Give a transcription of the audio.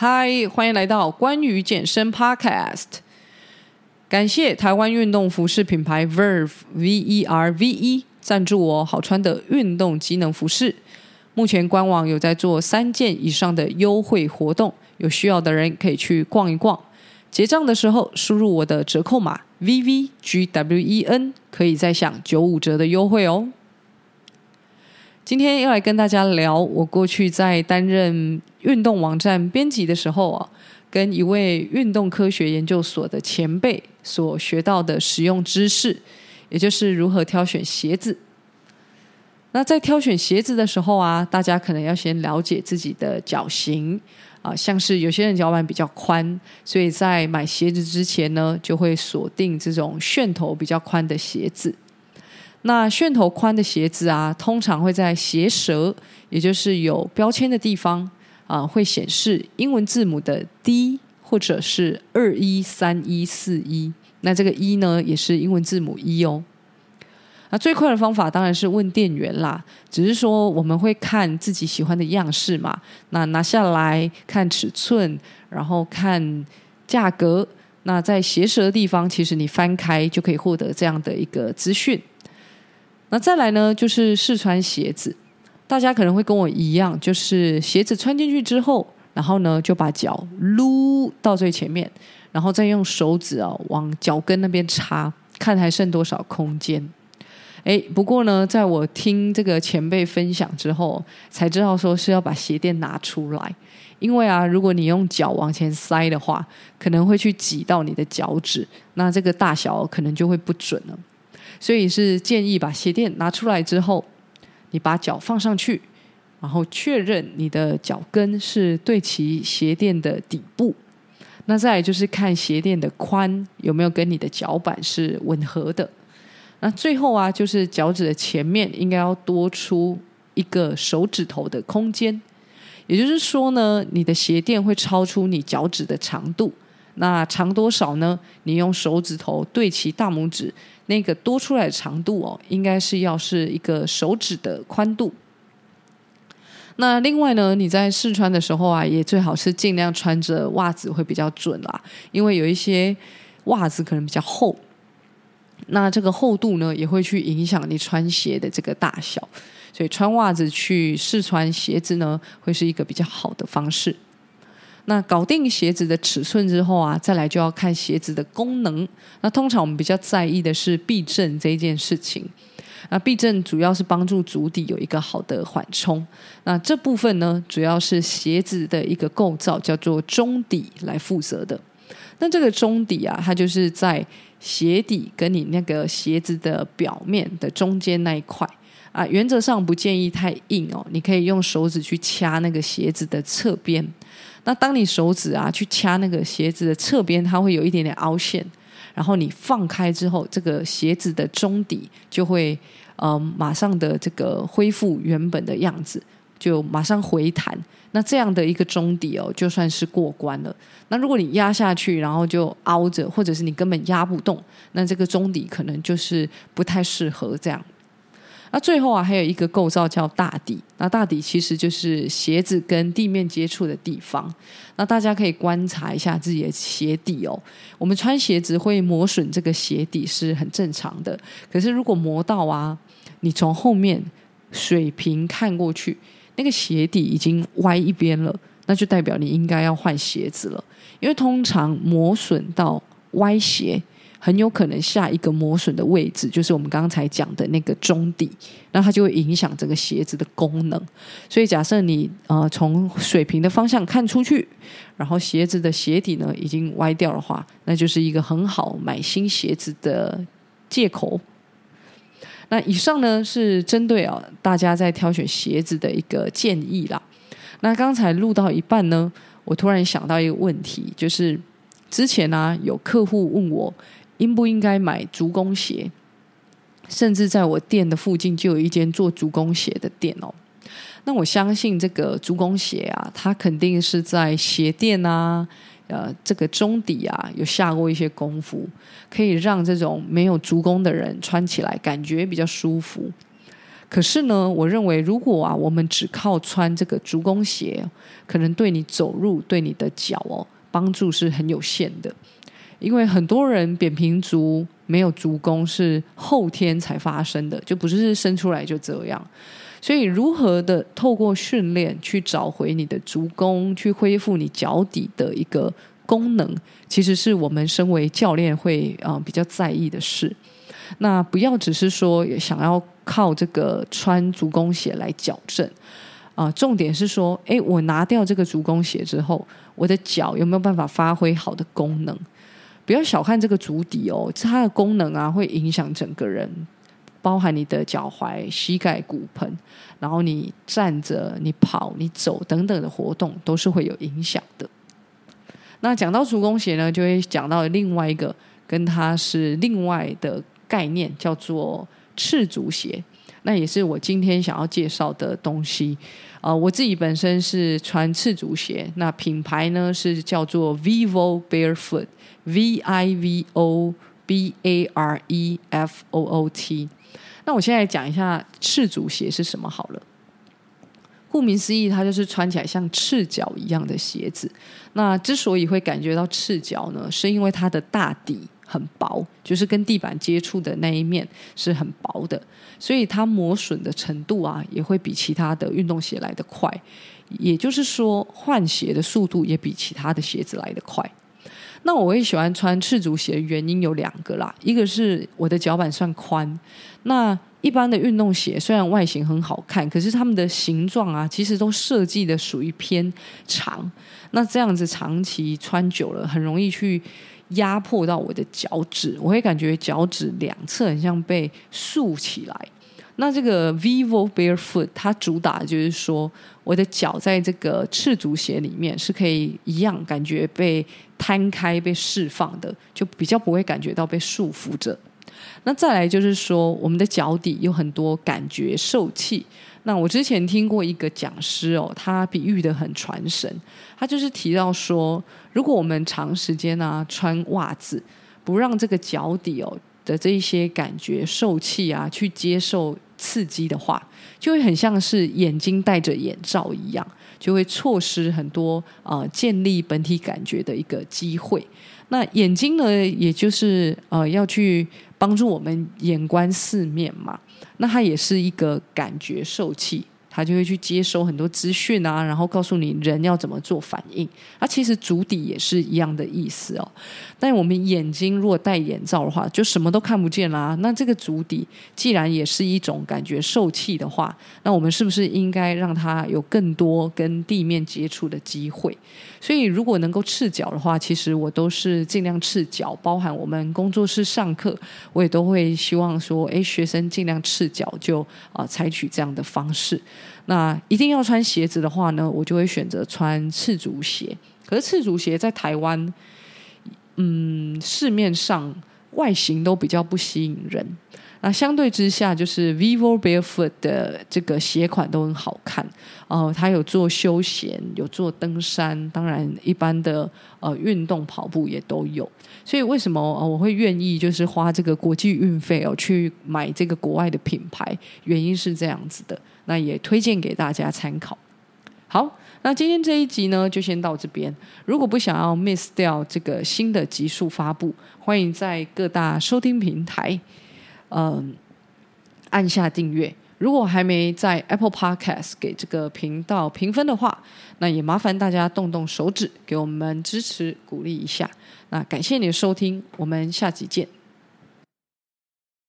嗨，歡迎來到關於健身 Podcast。感謝台灣運動服飾品牌 Verve V E R V E 贊助我好穿的運動機能服飾。目前官網有在做三件以上的優惠活動，有需要的人可以去逛一逛。結賬的時候輸入我的折扣碼 V V G W E N，可以再享九五折的優惠哦。今天要來跟大家聊，我過去在擔任運動網站編輯的時候啊，跟一位運動科學研究所的前輩所學到的實用知識，也就是如何挑選鞋子。那在挑選鞋子的時候啊，大家可能要先了解自己的腳型啊，像是有些人腳板比較寬，所以在買鞋子之前呢，就會鎖定這種楦頭比較寬的鞋子。那楦頭寬的鞋子啊，通常會在鞋舌，也就是有標籤的地方啊，會顯示英文字母的 D 或者是二 E、三 E、四 E。那這個 E 呢，也是英文字母 E 哦。那最快的方法當然是問店員啦。只是說我們會看自己喜歡的樣式嘛，那拿下來看尺寸，然後看價格。那在鞋舌的地方，其實你翻開就可以獲得這樣的一個資訊。那再來呢，就是試穿鞋子。大家可能會跟我一樣，就是鞋子穿進去之後，然後呢，就把腳擼到最前面，然後再用手指啊，哦，往腳跟那邊插，看還剩多少空間。哎，不過呢，在我聽這個前輩分享之後，才知道說是要把鞋墊拿出來，因為啊，如果你用腳往前塞的話，可能會去擠到你的腳趾，那這個大小可能就會不準了。所以是建議把鞋墊拿出來之後，你把腳放上去，然後確認你的腳跟是對齊鞋墊的底部。那再來就是看鞋墊的寬有沒有跟你的腳板是吻合的。那最後啊，就是腳趾的前面應該要多出一個手指頭的空間，也就是說呢，你的鞋墊會超出你腳趾的長度。那長多少呢？你用手指頭對齊大拇指，那個多出來的長度哦，應該是要是一個手指的寬度。那另外呢，你在試穿的時候啊，也最好是盡量穿着襪子會比較準啦，因為有一些襪子可能比較厚，那這個厚度呢，也會去影響你穿鞋的這個大小，所以穿襪子去試穿鞋子呢，會是一個比較好的方式。那搞定鞋子的尺寸之後啊，再來就要看鞋子的功能。那通常我們比較在意的是避震這件事情。那避震主要是幫助足底有一個好的緩衝。那這部分呢，主要是鞋子的一個構造叫做中底來負責的。那這個中底啊，它就是在鞋底跟你那個鞋子的表面的中間那一塊啊。原則上不建議太硬哦。你可以用手指去掐那個鞋子的側邊。那當你手指啊去掐那個鞋子的側邊，它會有一點點凹陷，然後你放開之後，這個鞋子的中底就會嗯、呃、馬上的這個恢復原本的樣子，就馬上回彈。那這樣的一個中底哦，就算是過關了。那如果你壓下去，然後就凹着，或者是你根本壓不動，那這個中底可能就是不太適合這樣。那最後啊，還有一個構造叫大底。那大底其實就是鞋子跟地面接觸的地方。那大家可以觀察一下自己的鞋底哦。我們穿鞋子會磨損這個鞋底是很正常的。可是如果磨到啊，你從後面水平看過去，那個鞋底已經歪一邊了，那就代表你應該要換鞋子了。因為通常磨損到歪斜。很有可能下一個磨損的位置就是我們剛才講的那個中底，那它就會影響整個鞋子的功能。所以假設你呃從水平的方向看出去，然後鞋子的鞋底呢已經歪掉的話，那就是一個很好買新鞋子的借口。那以上呢是針對啊大家在挑選鞋子的一個建議啦。那剛才錄到一半呢，我突然想到一個問題，就是之前呢、啊、有客戶問我。應不應該買足弓鞋？甚至在我店的附近就有一間做足弓鞋的店哦。那我相信這個足弓鞋啊，它肯定是在鞋墊啊、呃這個中底啊有下過一些功夫，可以讓這種沒有足弓的人穿起來感覺比較舒服。可是呢，我認為如果啊，我們只靠穿這個足弓鞋，可能對你走路、對你的腳哦，幫助是很有限的。因為很多人扁平足沒有足弓是後天才發生的，就不是生出來就這樣。所以，如何的透過訓練去找回你的足弓，去恢復你腳底的一個功能，其實是我們身為教練會啊、呃、比較在意的事。那不要只是說想要靠這個穿足弓鞋來矯正啊、呃，重點是說，哎，我拿掉這個足弓鞋之後，我的腳有沒有辦法發揮好的功能？不要小看這個足底哦，它的功能啊會影響整個人，包含你的腳踝、膝蓋、骨盆，然後你站着、你跑、你走等等的活動都是會有影響的。那講到足弓鞋呢，就會講到另外一個跟它是另外的概念，叫做赤足鞋。那也是我今天想要介紹的東西啊，呃，我自己本身是穿赤足鞋，那品牌呢是叫做 Vivo Barefoot，V I V O B A R E F O O T。那我現在講一下赤足鞋是什麼好了。顧名思義，它就是穿起來像赤腳一樣的鞋子。那之所以會感覺到赤腳呢，是因為它的大底。很薄，就是跟地板接觸的那一面是很薄的，所以它磨損的程度啊，也會比其他的運動鞋來得快。也就是說，換鞋的速度也比其他的鞋子來得快。那我會喜歡穿赤足鞋的原因有兩個啦，一個是我的腳板算寬，那一般的運動鞋雖然外形很好看，可是他們的形狀啊，其實都設計的屬於偏長，那這樣子長期穿久了，很容易去。壓迫到我的腳趾，我會感覺腳趾兩側很像被豎起來。那這個 Vivo Barefoot 它主打就是說，我的腳在這個赤足鞋裡面是可以一樣感覺被攤開、被釋放的，就比較不會感覺到被束縛着。那再來就是說，我們的腳底有很多感覺受器。那我之前聽過一個講師哦，他比喻得很傳神，他就是提到說，如果我們長時間啊穿襪子，不讓這個腳底哦的這一些感覺受器啊，去接受。刺激的話，就會很像是眼睛戴着眼罩一樣，就會錯失很多啊、呃、建立本體感覺的一個機會。那眼睛呢，也就是呃要去幫助我們眼觀四面嘛，那它也是一個感覺受器。他就會去接收很多資訊啊，然後告訴你人要怎麼做反應。啊，其實足底也是一樣的意思哦。但我們眼睛如果戴眼罩的話，就什麼都看不見啦、啊。那這個足底既然也是一種感覺受器的話，那我們是不是應該讓它有更多跟地面接觸的機會？所以，如果能夠赤腳的話，其實我都是盡量赤腳。包含我們工作室上課，我也都會希望說，哎、欸，學生盡量赤腳，就、呃、啊，採取這樣的方式。那一定要穿鞋子的話呢，我就會選擇穿赤足鞋。可是赤足鞋在台灣，嗯，市面上外形都比較不吸引人。那相對之下，就是 Vivo Barefoot 的這個鞋款都很好看哦。它有做休閒，有做登山，當然一般的呃運動跑步也都有。所以為什麼我會願意就是花這個國際運費哦、呃、去買這個國外的品牌？原因是這樣子的。那也推薦給大家參考。好，那今天這一集呢，就先到這邊。如果不想要 miss 掉這個新的集數發布，歡迎在各大收聽平台。嗯，按下訂閱。如果還沒在 Apple Podcast 給這個頻道評分的話，那也麻煩大家動動手指給我們支持鼓勵一下。那感謝你的收聽，我們下集見。